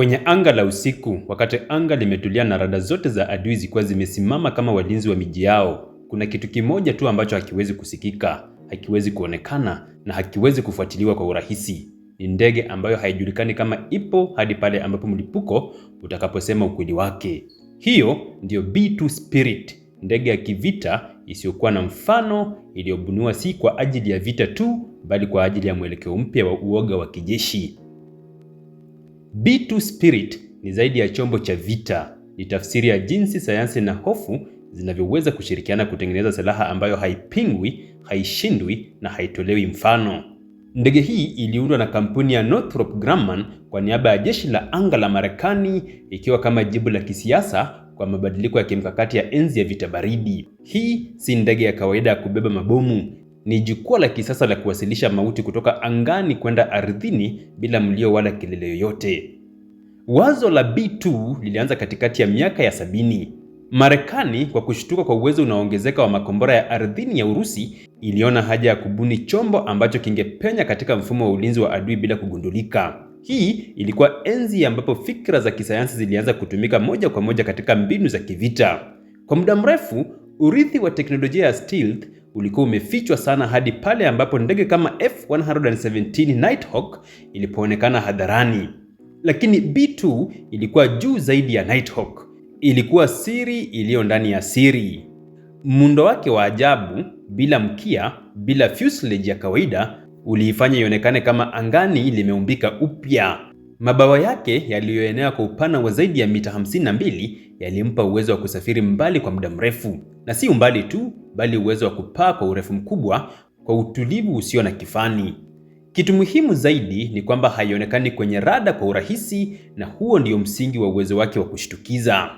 Kwenye anga la usiku, wakati anga limetulia na rada zote za adui zikiwa zimesimama kama walinzi wa miji yao, kuna kitu kimoja tu ambacho hakiwezi kusikika, hakiwezi kuonekana na hakiwezi kufuatiliwa kwa urahisi. Ni ndege ambayo haijulikani kama ipo hadi pale ambapo mlipuko utakaposema ukweli wake. Hiyo ndiyo B2 Spirit, ndege ya kivita isiyokuwa na mfano, iliyobuniwa si kwa ajili ya vita tu, bali kwa ajili ya mwelekeo mpya wa uoga wa kijeshi. B2 Spirit ni zaidi ya chombo cha vita, ni tafsiri ya jinsi sayansi na hofu zinavyoweza kushirikiana kutengeneza silaha ambayo haipingwi, haishindwi na haitolewi mfano. Ndege hii iliundwa na kampuni ya Northrop Grumman kwa niaba ya jeshi la anga la Marekani, ikiwa kama jibu la kisiasa kwa mabadiliko ya kimkakati ya enzi ya vita baridi. Hii si ndege ya kawaida ya kubeba mabomu, ni jukwaa la kisasa la kuwasilisha mauti kutoka angani kwenda ardhini bila mlio wala kelele yoyote. Wazo la B2 lilianza katikati ya miaka ya sabini. Marekani kwa kushtuka kwa uwezo unaoongezeka wa makombora ya ardhini ya Urusi iliona haja ya kubuni chombo ambacho kingepenya katika mfumo wa ulinzi wa adui bila kugundulika. Hii ilikuwa enzi ambapo fikra za kisayansi zilianza kutumika moja kwa moja katika mbinu za kivita. Kwa muda mrefu, urithi wa teknolojia ya stealth ulikuwa umefichwa sana hadi pale ambapo ndege kama F117 Nighthawk ilipoonekana hadharani. Lakini B2 ilikuwa juu zaidi ya Nighthawk. Ilikuwa siri iliyo ndani ya siri. Muundo wake wa ajabu, bila mkia, bila fuselage ya kawaida, uliifanya ionekane kama angani limeumbika upya. Mabawa yake yaliyoenea kwa upana wa zaidi ya mita 52 yalimpa uwezo wa kusafiri mbali kwa muda mrefu, na si umbali tu, bali uwezo wa kupaa kwa urefu mkubwa kwa utulivu usio na kifani. Kitu muhimu zaidi ni kwamba haionekani kwenye rada kwa urahisi, na huo ndio msingi wa uwezo wake wa kushtukiza.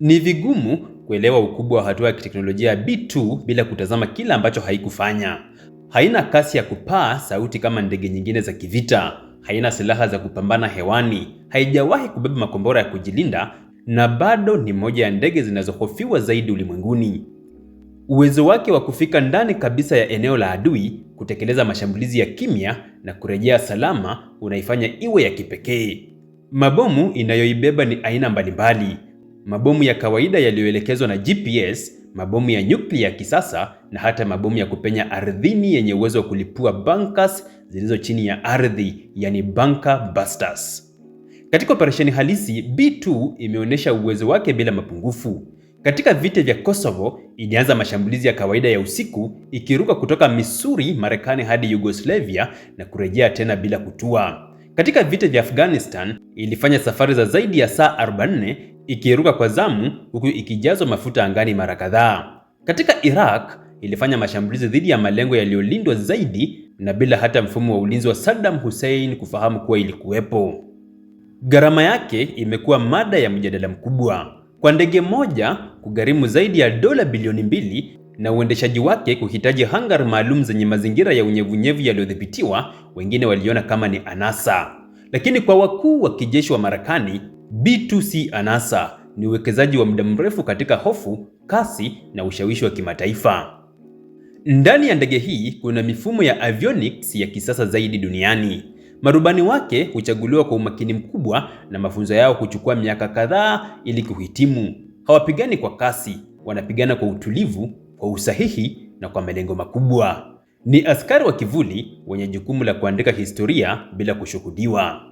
Ni vigumu kuelewa ukubwa wa hatua ya kiteknolojia ya B2 bila kutazama kile ambacho haikufanya. Haina kasi ya kupaa sauti kama ndege nyingine za kivita haina silaha za kupambana hewani, haijawahi kubeba makombora ya kujilinda na bado ni moja ya ndege zinazohofiwa zaidi ulimwenguni. Uwezo wake wa kufika ndani kabisa ya eneo la adui, kutekeleza mashambulizi ya kimya na kurejea salama unaifanya iwe ya kipekee. Mabomu inayoibeba ni aina mbalimbali. Mabomu ya kawaida yaliyoelekezwa na GPS mabomu ya nyuklia ya kisasa na hata mabomu ya kupenya ardhini yenye uwezo wa kulipua bunkers zilizo chini ya ardhi, yani bunker busters. Katika operesheni halisi, B2 imeonyesha uwezo wake bila mapungufu. Katika vita vya Kosovo ilianza mashambulizi ya kawaida ya usiku ikiruka kutoka Misuri, Marekani hadi Yugoslavia na kurejea tena bila kutua. Katika vita vya Afghanistan ilifanya safari za zaidi ya saa ikiruka kwa zamu huku ikijazwa mafuta angani mara kadhaa. Katika Iraq ilifanya mashambulizi dhidi ya malengo yaliyolindwa zaidi na bila hata mfumo wa ulinzi wa Saddam Hussein kufahamu kuwa ilikuwepo. Gharama yake imekuwa mada ya mjadala mkubwa, kwa ndege moja kugharimu zaidi ya dola bilioni mbili na uendeshaji wake kuhitaji hangar maalum zenye mazingira ya unyevunyevu yaliyodhibitiwa, wengine waliona kama ni anasa, lakini kwa wakuu wa kijeshi wa Marekani B2C anasa ni uwekezaji wa muda mrefu katika hofu, kasi na ushawishi wa kimataifa. Ndani ya ndege hii kuna mifumo ya avionics ya kisasa zaidi duniani. Marubani wake huchaguliwa kwa umakini mkubwa na mafunzo yao huchukua miaka kadhaa ili kuhitimu. Hawapigani kwa kasi, wanapigana kwa utulivu, kwa usahihi na kwa malengo makubwa. Ni askari wa kivuli wenye jukumu la kuandika historia bila kushuhudiwa.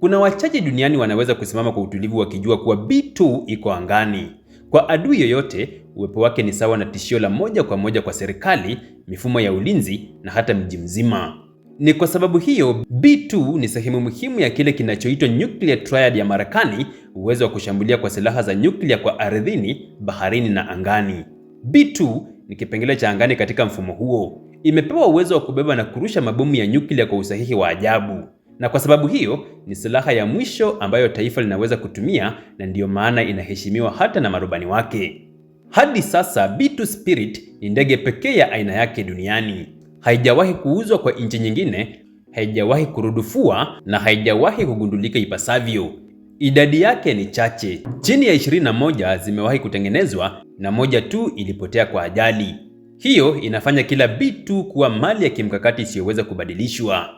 Kuna wachache duniani wanaweza kusimama kwa utulivu wakijua kuwa B2 iko angani. Kwa adui yoyote, uwepo wake ni sawa na tishio la moja kwa moja kwa serikali, mifumo ya ulinzi na hata mji mzima. Ni kwa sababu hiyo B2 ni sehemu muhimu ya kile kinachoitwa nuclear triad ya Marekani, uwezo wa kushambulia kwa silaha za nyuklia kwa ardhini, baharini na angani. B2 ni kipengele cha angani katika mfumo huo. Imepewa uwezo wa kubeba na kurusha mabomu ya nyuklia kwa usahihi wa ajabu na kwa sababu hiyo ni silaha ya mwisho ambayo taifa linaweza kutumia, na ndiyo maana inaheshimiwa hata na marubani wake. Hadi sasa B2 Spirit ni ndege pekee ya aina yake duniani. Haijawahi kuuzwa kwa nchi nyingine, haijawahi kurudufua na haijawahi kugundulika ipasavyo. Idadi yake ni chache, chini ya 21 zimewahi kutengenezwa na moja tu ilipotea kwa ajali. Hiyo inafanya kila B2 kuwa mali ya kimkakati isiyoweza kubadilishwa.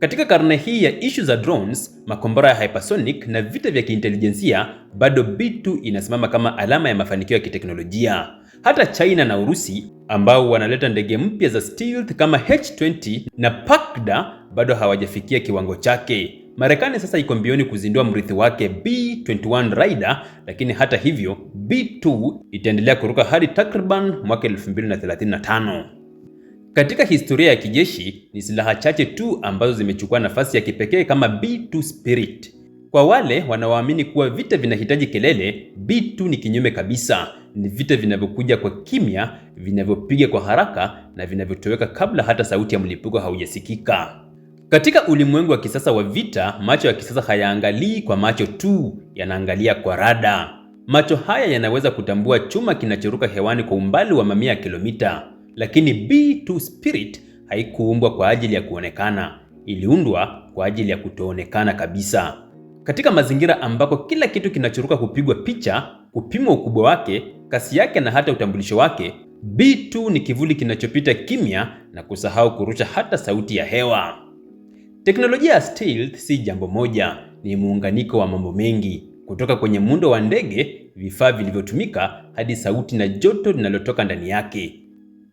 Katika karne hii ya ishu za drones, makombora ya hypersonic na vita vya kiintelijensia, bado B2 inasimama kama alama ya mafanikio ya kiteknolojia. Hata China na Urusi ambao wanaleta ndege mpya za stealth kama H20 na Pakda bado hawajafikia kiwango chake. Marekani sasa iko mbioni kuzindua mrithi wake B21 Raider, lakini hata hivyo B2 itaendelea kuruka hadi takriban mwaka 2035. Katika historia ya kijeshi ni silaha chache tu ambazo zimechukua nafasi ya kipekee kama B2 Spirit. Kwa wale wanaoamini kuwa vita vinahitaji kelele, B2 ni kinyume kabisa. Ni vita vinavyokuja kwa kimya, vinavyopiga kwa haraka na vinavyotoweka kabla hata sauti ya mlipuko haujasikika. Katika ulimwengu wa kisasa wa vita, macho ya kisasa hayaangalii kwa macho tu, yanaangalia kwa rada. Macho haya yanaweza kutambua chuma kinachoruka hewani kwa umbali wa mamia ya kilomita lakini B2 Spirit haikuumbwa kwa ajili ya kuonekana, iliundwa kwa ajili ya kutoonekana kabisa. Katika mazingira ambako kila kitu kinachoruka kupigwa picha, kupimwa ukubwa wake, kasi yake na hata utambulisho wake, B2 ni kivuli kinachopita kimya na kusahau kurusha hata sauti ya hewa. Teknolojia ya stealth si jambo moja, ni muunganiko wa mambo mengi, kutoka kwenye muundo wa ndege, vifaa vilivyotumika, hadi sauti na joto linalotoka ndani yake.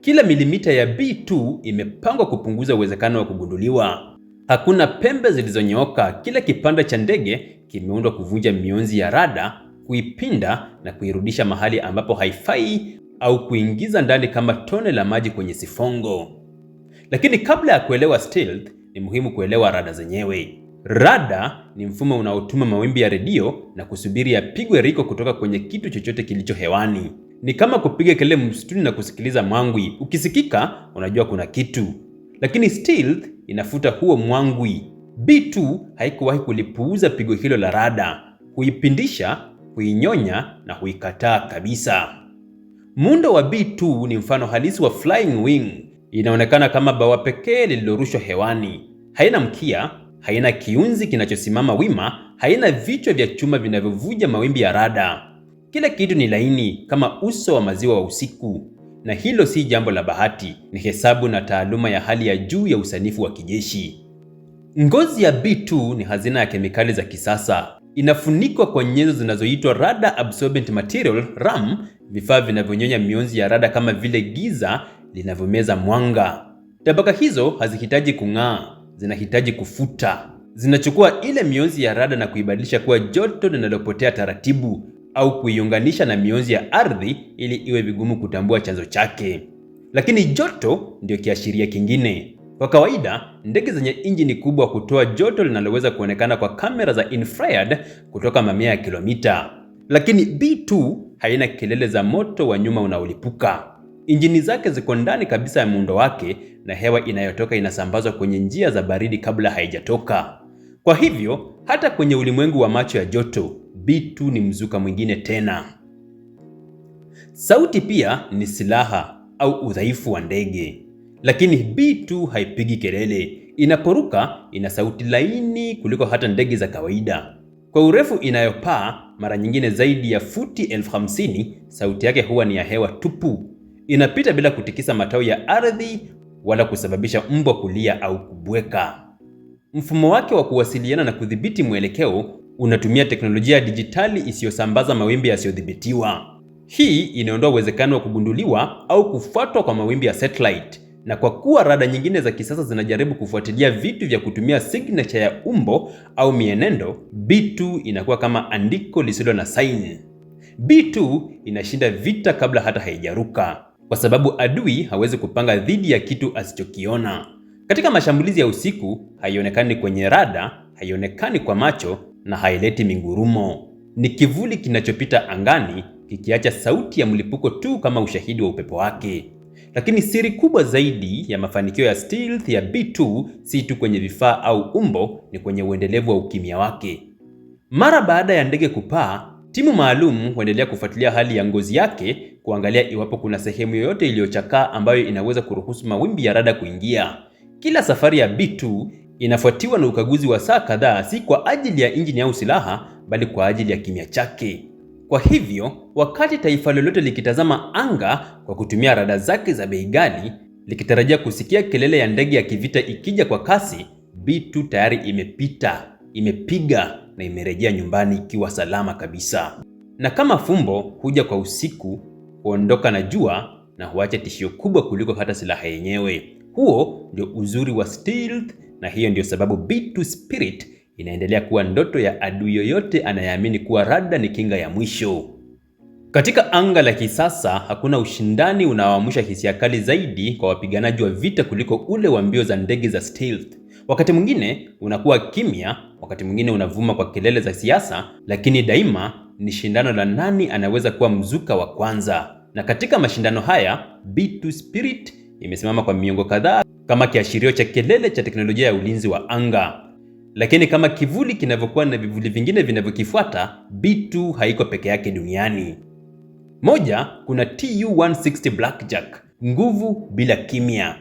Kila milimita ya B2 imepangwa kupunguza uwezekano wa kugunduliwa. Hakuna pembe zilizonyooka. Kila kipande cha ndege kimeundwa kuvunja mionzi ya rada, kuipinda na kuirudisha mahali ambapo haifai au kuingiza ndani kama tone la maji kwenye sifongo. Lakini kabla ya kuelewa stealth, ni muhimu kuelewa rada zenyewe. Rada ni mfumo unaotuma mawimbi ya redio na kusubiri yapigwe riko kutoka kwenye kitu chochote kilicho hewani ni kama kupiga kelele msituni na kusikiliza mwangwi. Ukisikika unajua kuna kitu, lakini stealth inafuta huo mwangwi. B2 haikuwahi kulipuuza pigo hilo la rada, huipindisha, huinyonya na huikataa kabisa. Muundo wa B2 ni mfano halisi wa flying wing. Inaonekana kama bawa pekee lililorushwa hewani. Haina mkia, haina kiunzi kinachosimama wima, haina vichwa vya chuma vinavyovuja mawimbi ya rada. Kila kitu ni laini kama uso wa maziwa wa usiku, na hilo si jambo la bahati, ni hesabu na taaluma ya hali ya juu ya usanifu wa kijeshi. Ngozi ya B2 ni hazina ya kemikali za kisasa. Inafunikwa kwa nyenzo zinazoitwa radar absorbent material RAM, vifaa vinavyonyonya mionzi ya rada kama vile giza linavyomeza mwanga. Tabaka hizo hazihitaji kung'aa, zinahitaji kufuta. Zinachukua ile mionzi ya rada na kuibadilisha kuwa joto linalopotea taratibu, au kuiunganisha na mionzi ya ardhi ili iwe vigumu kutambua chanzo chake. Lakini joto ndiyo kiashiria kingine. Kwa kawaida, ndege zenye injini kubwa kutoa joto linaloweza kuonekana kwa kamera za infrared kutoka mamia ya kilomita. Lakini B2 haina kelele za moto wa nyuma unaolipuka. Injini zake ziko ndani kabisa ya muundo wake na hewa inayotoka inasambazwa kwenye njia za baridi kabla haijatoka. Kwa hivyo, hata kwenye ulimwengu wa macho ya joto Bitu ni mzuka mwingine tena. Sauti pia ni silaha au udhaifu wa ndege, lakini Bitu haipigi kelele. Inaporuka ina sauti laini kuliko hata ndege za kawaida. Kwa urefu inayopaa mara nyingine zaidi ya futi elfu hamsini, sauti yake huwa ni ya hewa tupu. Inapita bila kutikisa matawi ya ardhi wala kusababisha mbwa kulia au kubweka. Mfumo wake wa kuwasiliana na kudhibiti mwelekeo unatumia teknolojia ya dijitali isiyosambaza mawimbi yasiyodhibitiwa. Hii inaondoa uwezekano wa kugunduliwa au kufuatwa kwa mawimbi ya satellite, na kwa kuwa rada nyingine za kisasa zinajaribu kufuatilia vitu vya kutumia signature ya umbo au mienendo, B2 inakuwa kama andiko lisilo na sign. B2 inashinda vita kabla hata haijaruka, kwa sababu adui hawezi kupanga dhidi ya kitu asichokiona. Katika mashambulizi ya usiku, haionekani kwenye rada, haionekani kwa macho na haileti mingurumo. Ni kivuli kinachopita angani kikiacha sauti ya mlipuko tu kama ushahidi wa upepo wake. Lakini siri kubwa zaidi ya mafanikio ya stealth ya B2 si tu kwenye vifaa au umbo, ni kwenye uendelevu wa ukimya wake. Mara baada ya ndege kupaa, timu maalum huendelea kufuatilia hali ya ngozi yake, kuangalia iwapo kuna sehemu yoyote iliyochakaa ambayo inaweza kuruhusu mawimbi ya rada kuingia. Kila safari ya B2 inafuatiwa na ukaguzi wa saa kadhaa, si kwa ajili ya injini au silaha, bali kwa ajili ya kimya chake. Kwa hivyo, wakati taifa lolote likitazama anga kwa kutumia rada zake za bei ghali, likitarajia kusikia kelele ya ndege ya kivita ikija kwa kasi, B2 tayari imepita, imepiga na imerejea nyumbani ikiwa salama kabisa. Na kama fumbo huja kwa usiku, huondoka na jua na huacha tishio kubwa kuliko hata silaha yenyewe. Huo ndio uzuri wa stealth na hiyo ndio sababu B2 Spirit inaendelea kuwa ndoto ya adui yoyote anayeamini kuwa rada ni kinga ya mwisho. Katika anga la kisasa hakuna ushindani unaoamsha hisia kali zaidi kwa wapiganaji wa vita kuliko ule wa mbio za ndege za stealth. Wakati mwingine unakuwa kimya, wakati mwingine unavuma kwa kelele za siasa, lakini daima ni shindano la nani anaweza kuwa mzuka wa kwanza. Na katika mashindano haya B2 Spirit imesimama kwa miongo kadhaa kama kiashirio cha kelele cha teknolojia ya ulinzi wa anga. Lakini kama kivuli kinavyokuwa na vivuli vingine vinavyokifuata, B2 haiko peke yake duniani. Moja, kuna Tu-160 Blackjack, nguvu bila kimya.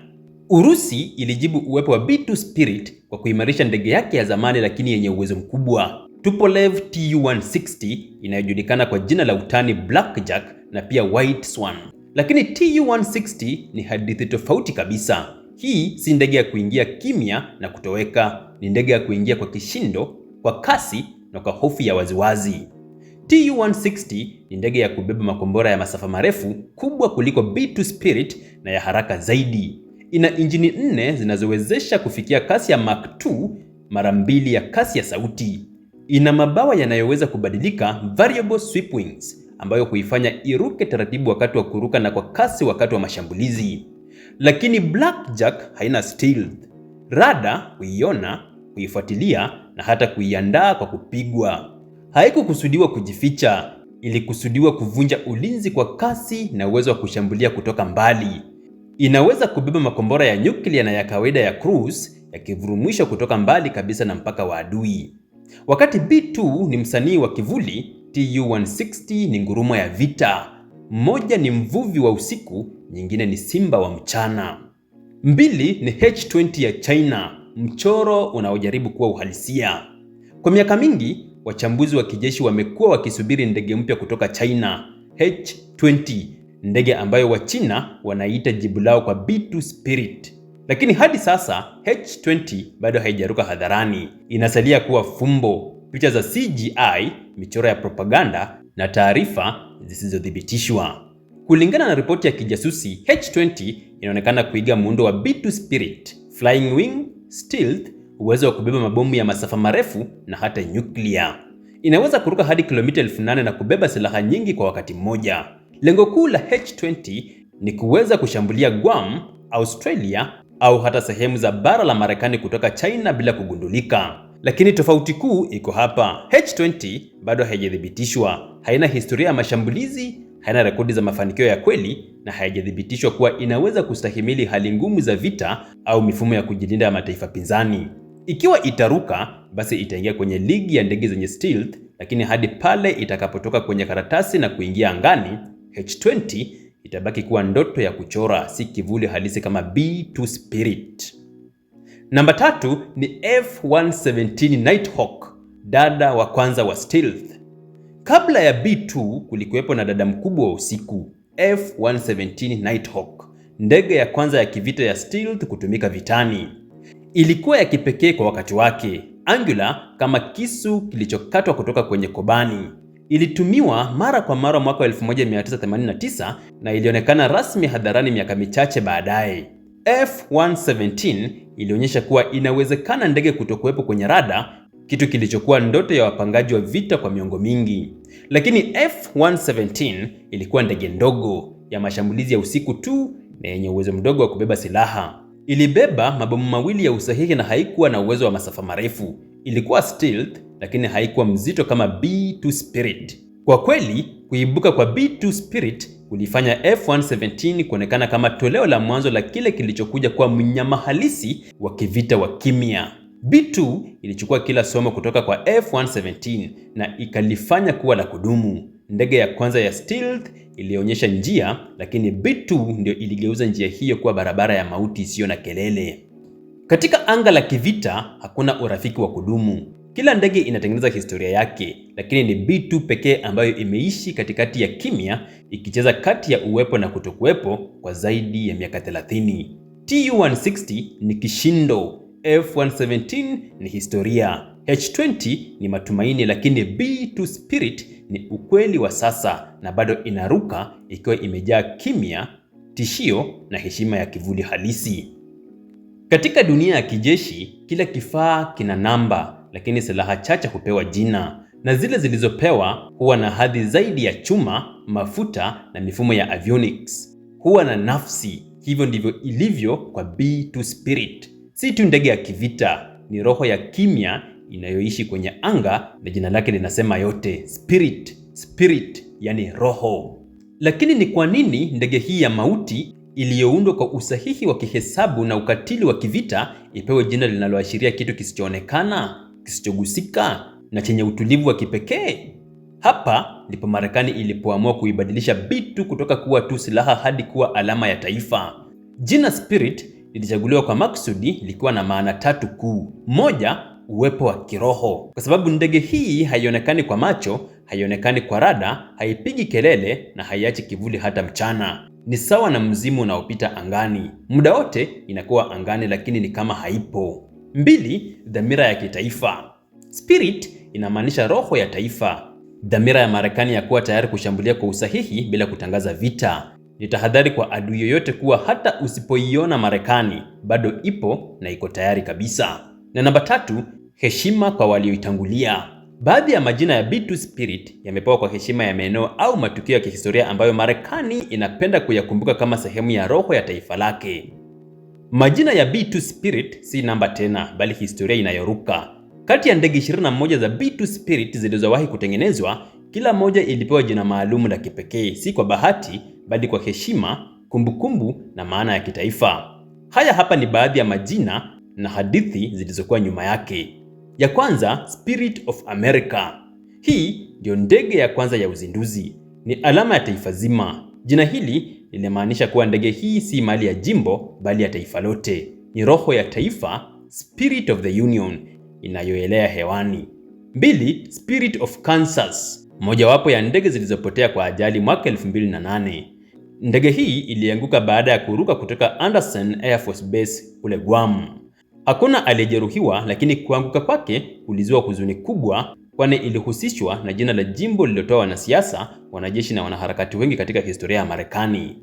Urusi ilijibu uwepo wa B2 Spirit kwa kuimarisha ndege yake ya zamani lakini yenye uwezo mkubwa Tupolev Tu-160 inayojulikana kwa jina la utani Blackjack na pia White Swan. Lakini Tu-160 ni hadithi tofauti kabisa. Hii si ndege ya kuingia kimya na kutoweka, ni ndege ya kuingia kwa kishindo, kwa kasi na kwa hofu ya waziwazi. Tu-160 ni ndege ya kubeba makombora ya masafa marefu, kubwa kuliko B2 Spirit na ya haraka zaidi. Ina injini nne zinazowezesha kufikia kasi ya Mach 2, mara mbili ya kasi ya sauti. Ina mabawa yanayoweza kubadilika, variable sweep wings, ambayo huifanya iruke taratibu wakati wa kuruka na kwa kasi wakati wa mashambulizi lakini blackjack haina stealth. Rada kuiona, kuifuatilia na hata kuiandaa kwa kupigwa. Haikukusudiwa kujificha, ilikusudiwa kuvunja ulinzi kwa kasi na uwezo wa kushambulia kutoka mbali. Inaweza kubeba makombora ya nyuklia na ya kawaida ya cruise yakivurumishwa kutoka mbali kabisa na mpaka wa adui. Wakati B2 ni msanii wa kivuli, TU160 ni ngurumo ya vita. Mmoja ni mvuvi wa usiku nyingine ni simba wa mchana. Mbili ni H20 ya China, mchoro unaojaribu kuwa uhalisia. Kwa miaka mingi wachambuzi wa kijeshi wamekuwa wakisubiri ndege mpya kutoka China, H20, ndege ambayo Wachina wanaita jibu lao kwa B2 Spirit. Lakini hadi sasa H20 bado haijaruka hadharani, inasalia kuwa fumbo, picha za CGI, michoro ya propaganda na taarifa zisizothibitishwa. Kulingana na ripoti ya kijasusi, H20 inaonekana kuiga muundo wa B2 Spirit, flying wing, stealth, uwezo wa kubeba mabomu ya masafa marefu na hata nyuklia. Inaweza kuruka hadi kilomita 8000 na kubeba silaha nyingi kwa wakati mmoja. Lengo kuu la H20 ni kuweza kushambulia Guam, Australia au hata sehemu za bara la Marekani kutoka China bila kugundulika. Lakini tofauti kuu iko hapa. H20 bado haijathibitishwa, haina historia ya mashambulizi haina rekodi za mafanikio ya kweli na hayajathibitishwa kuwa inaweza kustahimili hali ngumu za vita au mifumo ya kujilinda ya mataifa pinzani. Ikiwa itaruka, basi itaingia kwenye ligi ya ndege zenye stealth, lakini hadi pale itakapotoka kwenye karatasi na kuingia angani, H20 itabaki kuwa ndoto ya kuchora, si kivuli halisi kama B2 Spirit. Namba tatu ni F117 Nighthawk, dada wa kwanza wa stealth. Kabla ya B2 kulikuwepo na dada mkubwa wa usiku F117 Nighthawk, ndege ya kwanza ya kivita ya stealth kutumika vitani. Ilikuwa ya kipekee kwa wakati wake, angular kama kisu kilichokatwa kutoka kwenye kobani. Ilitumiwa mara kwa mara mwaka 1989 na ilionekana rasmi hadharani miaka michache baadaye. F117 ilionyesha kuwa inawezekana ndege kutokuwepo kwenye rada kitu kilichokuwa ndoto ya wapangaji wa vita kwa miongo mingi. Lakini F117 ilikuwa ndege ndogo ya mashambulizi ya usiku tu na yenye uwezo mdogo wa kubeba silaha. Ilibeba mabomu mawili ya usahihi na haikuwa na uwezo wa masafa marefu. Ilikuwa stealth, lakini haikuwa mzito kama B2 Spirit. Kwa kweli, kuibuka kwa B2 Spirit kulifanya F117 kuonekana kama toleo la mwanzo la kile kilichokuja kuwa mnyama halisi wa kivita wa kimya. B2 ilichukua kila somo kutoka kwa F117 na ikalifanya kuwa la kudumu. Ndege ya kwanza ya stealth ilionyesha njia, lakini B2 ndio iligeuza njia hiyo kuwa barabara ya mauti isiyo na kelele. Katika anga la kivita hakuna urafiki wa kudumu. Kila ndege inatengeneza historia yake, lakini ni B2 pekee ambayo imeishi katikati ya kimya, ikicheza kati ya uwepo na kutokuwepo kwa zaidi ya miaka 30. Tu160 ni kishindo F117 ni historia, H20 ni matumaini, lakini B2 Spirit ni ukweli wa sasa na bado inaruka ikiwa imejaa kimya, tishio na heshima ya kivuli halisi. Katika dunia ya kijeshi, kila kifaa kina namba, lakini silaha chache hupewa jina, na zile zilizopewa huwa na hadhi zaidi ya chuma, mafuta na mifumo ya avionics, huwa na nafsi. Hivyo ndivyo ilivyo kwa B2 Spirit si tu ndege ya kivita, ni roho ya kimya inayoishi kwenye anga, na jina lake linasema yote, spirit. Spirit yani roho. Lakini ni kwa nini ndege hii ya mauti iliyoundwa kwa usahihi wa kihesabu na ukatili wa kivita ipewe jina linaloashiria kitu kisichoonekana, kisichogusika na chenye utulivu wa kipekee? Hapa ndipo Marekani ilipoamua kuibadilisha Bitu kutoka kuwa tu silaha hadi kuwa alama ya taifa. Jina Spirit lilichaguliwa kwa maksudi likiwa na maana tatu kuu. Moja, uwepo wa kiroho, kwa sababu ndege hii haionekani kwa macho, haionekani kwa rada, haipigi kelele na haiachi kivuli hata mchana. Ni sawa na mzimu unaopita angani, muda wote inakuwa angani, lakini ni kama haipo. Mbili, dhamira ya kitaifa. Spirit inamaanisha roho ya taifa, dhamira ya Marekani ya kuwa tayari kushambulia kwa usahihi bila kutangaza vita. Ni tahadhari kwa adui yoyote kuwa hata usipoiona Marekani bado ipo na iko tayari kabisa. Na namba tatu, heshima kwa walioitangulia. Baadhi ya majina ya B2 Spirit yamepewa kwa heshima ya maeneo au matukio ya kihistoria ambayo Marekani inapenda kuyakumbuka kama sehemu ya roho ya taifa lake. Majina ya B2 Spirit si namba tena, bali historia inayoruka. Kati ya ndege 21 za B2 Spirit zilizowahi kutengenezwa, kila moja ilipewa jina maalumu la kipekee, si kwa bahati, bali kwa heshima, kumbukumbu na maana ya kitaifa. Haya hapa ni baadhi ya majina na hadithi zilizokuwa nyuma yake. Ya kwanza, Spirit of America. Hii ndiyo ndege ya kwanza ya uzinduzi, ni alama ya taifa zima. Jina hili linamaanisha kuwa ndege hii si mali ya jimbo, bali ya taifa lote. Ni roho ya taifa, spirit of the union, inayoelea hewani. Mbili, Spirit of Kansas mojawapo ya ndege zilizopotea kwa ajali mwaka 2008. Ndege hii ilianguka baada ya kuruka kutoka Anderson Air Force Base kule Guam. Hakuna aliyejeruhiwa, lakini kuanguka kwake kulizua huzuni kubwa, kwani ilihusishwa na jina la jimbo lililotoa wanasiasa, wanajeshi na wanaharakati wengi katika historia ya Marekani.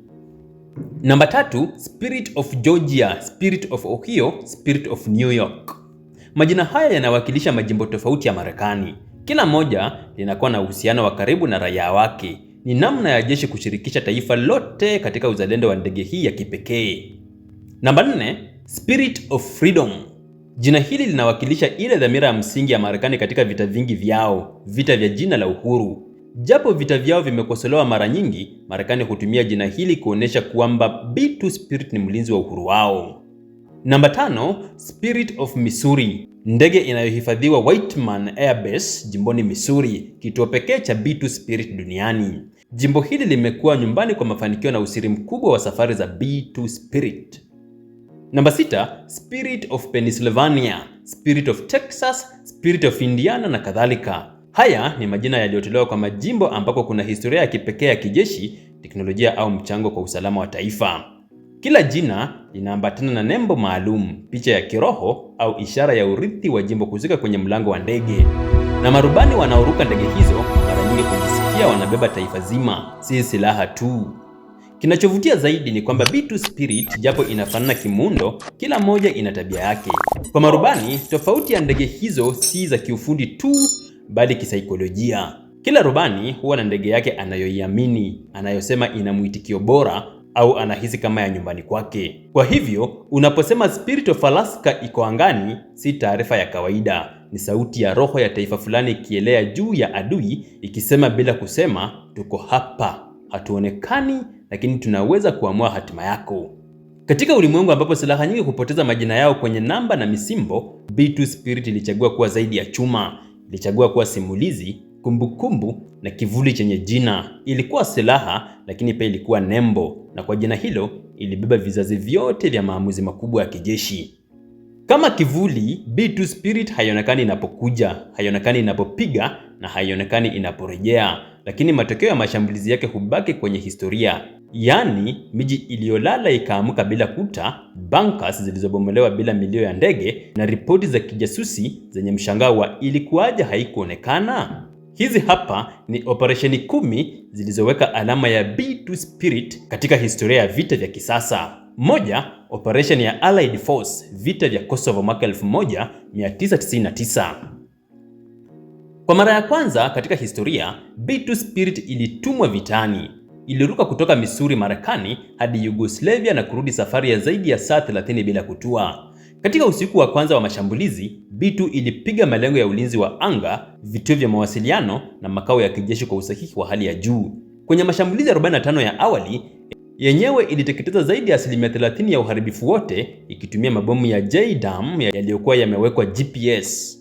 Namba tatu, Spirit of Georgia, Spirit of Ohio, Spirit of New York. Majina haya yanawakilisha majimbo tofauti ya Marekani. Kila moja linakuwa na uhusiano wa karibu na raia wake. Ni namna ya jeshi kushirikisha taifa lote katika uzalendo wa ndege hii ya kipekee. Namba nne, Spirit of Freedom. Jina hili linawakilisha ile dhamira ya msingi ya Marekani katika vita vingi vyao, vita vya jina la uhuru. Japo vita vyao vimekosolewa mara nyingi, Marekani hutumia jina hili kuonyesha kwamba B2 Spirit ni mlinzi wa uhuru wao. Namba tano, Spirit of Missouri ndege inayohifadhiwa Whiteman Air Base jimboni Missouri, kituo pekee cha B2 Spirit duniani. Jimbo hili limekuwa nyumbani kwa mafanikio na usiri mkubwa wa safari za B2 Spirit. Namba sita, Spirit of Pennsylvania, Spirit of Texas, Spirit of Indiana na kadhalika. Haya ni majina yaliyotolewa kwa majimbo ambako kuna historia ya kipekee ya kijeshi, teknolojia au mchango kwa usalama wa taifa. Kila jina linaambatana na nembo maalum, picha ya kiroho au ishara ya urithi wa jimbo kuzika kwenye mlango wa ndege, na marubani wanaoruka ndege hizo mara nyingi kujisikia wanabeba taifa zima, si silaha tu. Kinachovutia zaidi ni kwamba B2 Spirit japo inafanana kimuundo, kila moja ina tabia yake. Kwa marubani, tofauti ya ndege hizo si za kiufundi tu, bali kisaikolojia. Kila rubani huwa na ndege yake anayoiamini, anayosema ina mwitikio bora au anahisi kama ya nyumbani kwake. Kwa hivyo unaposema Spirit of Alaska iko angani, si taarifa ya kawaida, ni sauti ya roho ya taifa fulani ikielea juu ya adui, ikisema bila kusema, tuko hapa, hatuonekani, lakini tunaweza kuamua hatima yako. Katika ulimwengu ambapo silaha nyingi hupoteza majina yao kwenye namba na misimbo, B2 Spirit ilichagua kuwa zaidi ya chuma, ilichagua kuwa simulizi kumbukumbu kumbu, na kivuli chenye jina. Ilikuwa silaha lakini pia ilikuwa nembo, na kwa jina hilo ilibeba vizazi vyote vya maamuzi makubwa ya kijeshi. Kama kivuli, B2 Spirit haionekani inapokuja, haionekani inapopiga na haionekani inaporejea, lakini matokeo ya mashambulizi yake hubaki kwenye historia. Yaani, miji iliyolala ikaamka bila kuta, bunkers zilizobomolewa bila milio ya ndege, na ripoti za kijasusi zenye mshangao wa ilikuwaje haikuonekana. Hizi hapa ni operesheni kumi zilizoweka alama ya B2 Spirit katika historia ya vita vya kisasa. Moja, operesheni ya Allied Force, vita vya Kosovo mwaka 1999. Kwa mara ya kwanza katika historia, B2 Spirit ilitumwa vitani. Iliruka kutoka Missouri, Marekani hadi Yugoslavia na kurudi safari ya zaidi ya saa 30 bila kutua. Katika usiku wa kwanza wa mashambulizi, B2 ilipiga malengo ya ulinzi wa anga, vituo vya mawasiliano na makao ya kijeshi kwa usahihi wa hali ya juu. Kwenye mashambulizi 45 ya awali, yenyewe iliteketeza zaidi ya asilimia 30 ya uharibifu wote ikitumia mabomu ya JDAM yaliyokuwa yamewekwa GPS.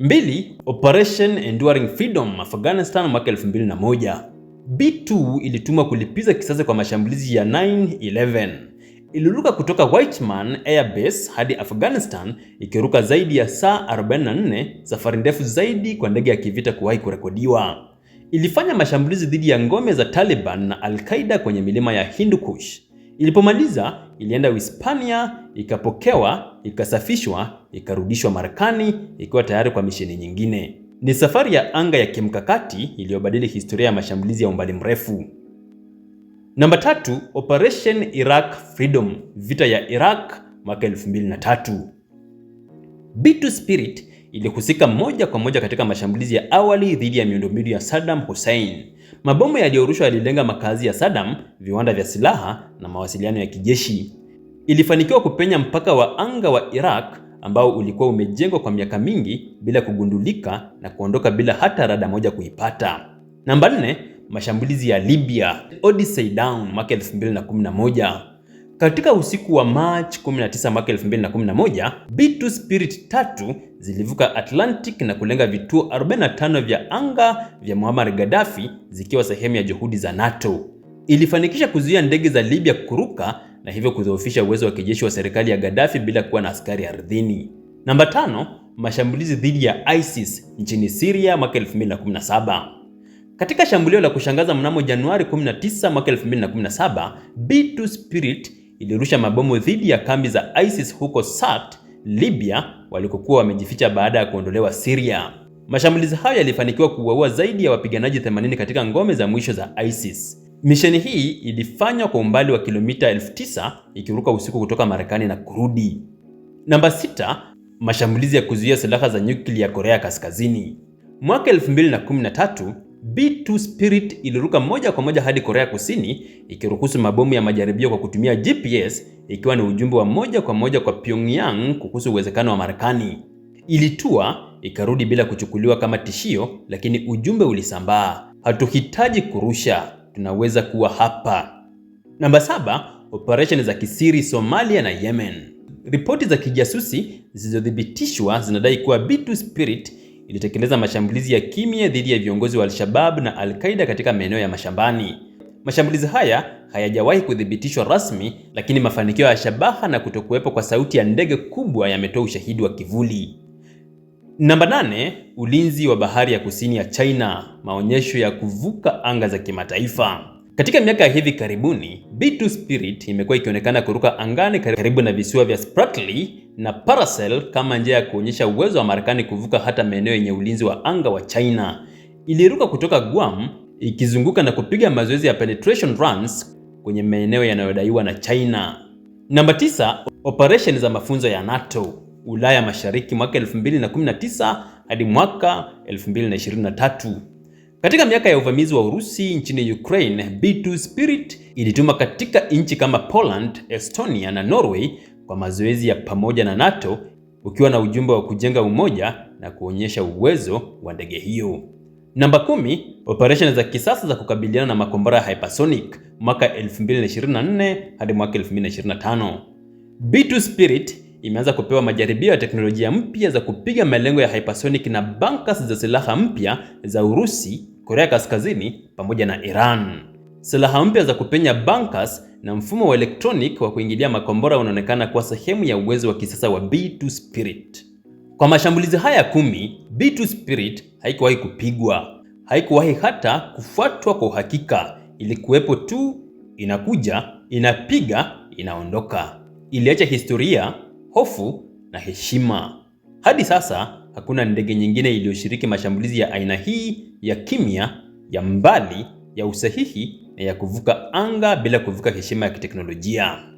Mbili, Operation Enduring Freedom Afghanistan mwaka 2001. B2 ilitumwa kulipiza kisasi kwa mashambulizi ya 9/11 iliruka kutoka Whiteman Air Base hadi Afghanistan ikiruka zaidi ya saa 44, safari ndefu zaidi kwa ndege ya kivita kuwahi kurekodiwa. Ilifanya mashambulizi dhidi ya ngome za Taliban na Al-Qaeda kwenye milima ya Hindu Kush. Ilipomaliza, ilienda Hispania, ikapokewa, ikasafishwa, ikarudishwa Marekani ikiwa tayari kwa misheni nyingine. Ni safari ya anga ya kimkakati iliyobadili historia ya mashambulizi ya umbali mrefu. Namba tatu, Operation Iraq Freedom, vita ya Iraq mwaka 2003. B2 Spirit ilihusika moja kwa moja katika mashambulizi ya awali dhidi ya miundombinu ya Saddam Hussein. Mabomu yaliyorushwa yalilenga makazi ya Saddam, viwanda vya silaha na mawasiliano ya kijeshi. Ilifanikiwa kupenya mpaka wa anga wa Iraq ambao ulikuwa umejengwa kwa miaka mingi bila kugundulika na kuondoka bila hata rada moja kuipata. Namba nne, mashambulizi ya Libya, Odyssey Down mwaka 2011. Katika usiku wa March 19 mwaka 2011, B2 Spirit tatu zilivuka Atlantic na kulenga vituo 45 vya anga vya Muammar Gaddafi zikiwa sehemu ya juhudi za NATO. Ilifanikisha kuzuia ndege za Libya kuruka na hivyo kudhoofisha uwezo wa kijeshi wa serikali ya Gaddafi bila kuwa na askari ardhini. Namba tano, mashambulizi dhidi ya ISIS nchini Syria mwaka 2017. Katika shambulio la kushangaza mnamo Januari 19 mwaka 2017, B2 Spirit ilirusha mabomu dhidi ya kambi za ISIS huko Sirte, Libya, walikokuwa wamejificha baada ya kuondolewa Syria. Mashambulizi hayo yalifanikiwa kuwaua zaidi ya wapiganaji 80 katika ngome za mwisho za ISIS. Misheni hii ilifanywa kwa umbali wa kilomita 9000 ikiruka usiku kutoka Marekani na kurudi. Namba 6, mashambulizi ya kuzuia silaha za nyuklia ya Korea Kaskazini. Mwaka 2013 B2 Spirit iliruka moja kwa moja hadi Korea Kusini ikiruhusu mabomu ya majaribio kwa kutumia GPS ikiwa ni ujumbe wa moja kwa moja kwa Pyongyang kuhusu uwezekano wa Marekani. Ilitua ikarudi bila kuchukuliwa kama tishio, lakini ujumbe ulisambaa. Hatuhitaji kurusha, tunaweza kuwa hapa. Namba saba, operesheni za kisiri Somalia na Yemen. Ripoti za kijasusi zilizothibitishwa zinadai kuwa B2 Spirit ilitekeleza mashambulizi ya kimya dhidi ya viongozi wa Al-Shabab na Al-Qaeda katika maeneo ya mashambani. Mashambulizi haya hayajawahi kuthibitishwa rasmi, lakini mafanikio ya shabaha na kutokuwepo kwa sauti ya ndege kubwa yametoa ushahidi wa kivuli. Namba nane, ulinzi wa bahari ya kusini ya China, maonyesho ya kuvuka anga za kimataifa. Katika miaka ya hivi karibuni, B2 Spirit imekuwa ikionekana kuruka angani karibu na visiwa vya Spratly na Paracel kama njia ya kuonyesha uwezo wa Marekani kuvuka hata maeneo yenye ulinzi wa anga wa China. Iliruka kutoka Guam ikizunguka na kupiga mazoezi ya penetration runs kwenye maeneo yanayodaiwa na China. Namba tisa, operation za mafunzo ya NATO Ulaya Mashariki mwaka 2019 hadi mwaka 2023. Katika miaka ya uvamizi wa Urusi nchini Ukraine, B2 Spirit ilituma katika nchi kama Poland, Estonia na Norway kwa mazoezi ya pamoja na NATO ukiwa na ujumbe wa kujenga umoja na kuonyesha uwezo wa ndege hiyo. Namba kumi, operesheni za kisasa za kukabiliana na makombora ya hypersonic mwaka 2024 hadi mwaka 2025. B2 Spirit imeanza kupewa majaribio ya teknolojia mpya za kupiga malengo ya hypersonic na bunkers za silaha mpya za Urusi, Korea Kaskazini pamoja na Iran. Silaha mpya za kupenya bunkers na mfumo wa electronic wa kuingilia makombora unaonekana kuwa sehemu ya uwezo wa kisasa wa B2 Spirit. Kwa mashambulizi haya kumi, B2 Spirit haikuwahi kupigwa, haikuwahi hata kufuatwa kwa uhakika. Ilikuwepo tu, inakuja, inapiga, inaondoka. Iliacha historia hofu na heshima. Hadi sasa hakuna ndege nyingine iliyoshiriki mashambulizi ya aina hii ya kimya, ya mbali, ya usahihi na ya kuvuka anga bila kuvuka heshima ya kiteknolojia.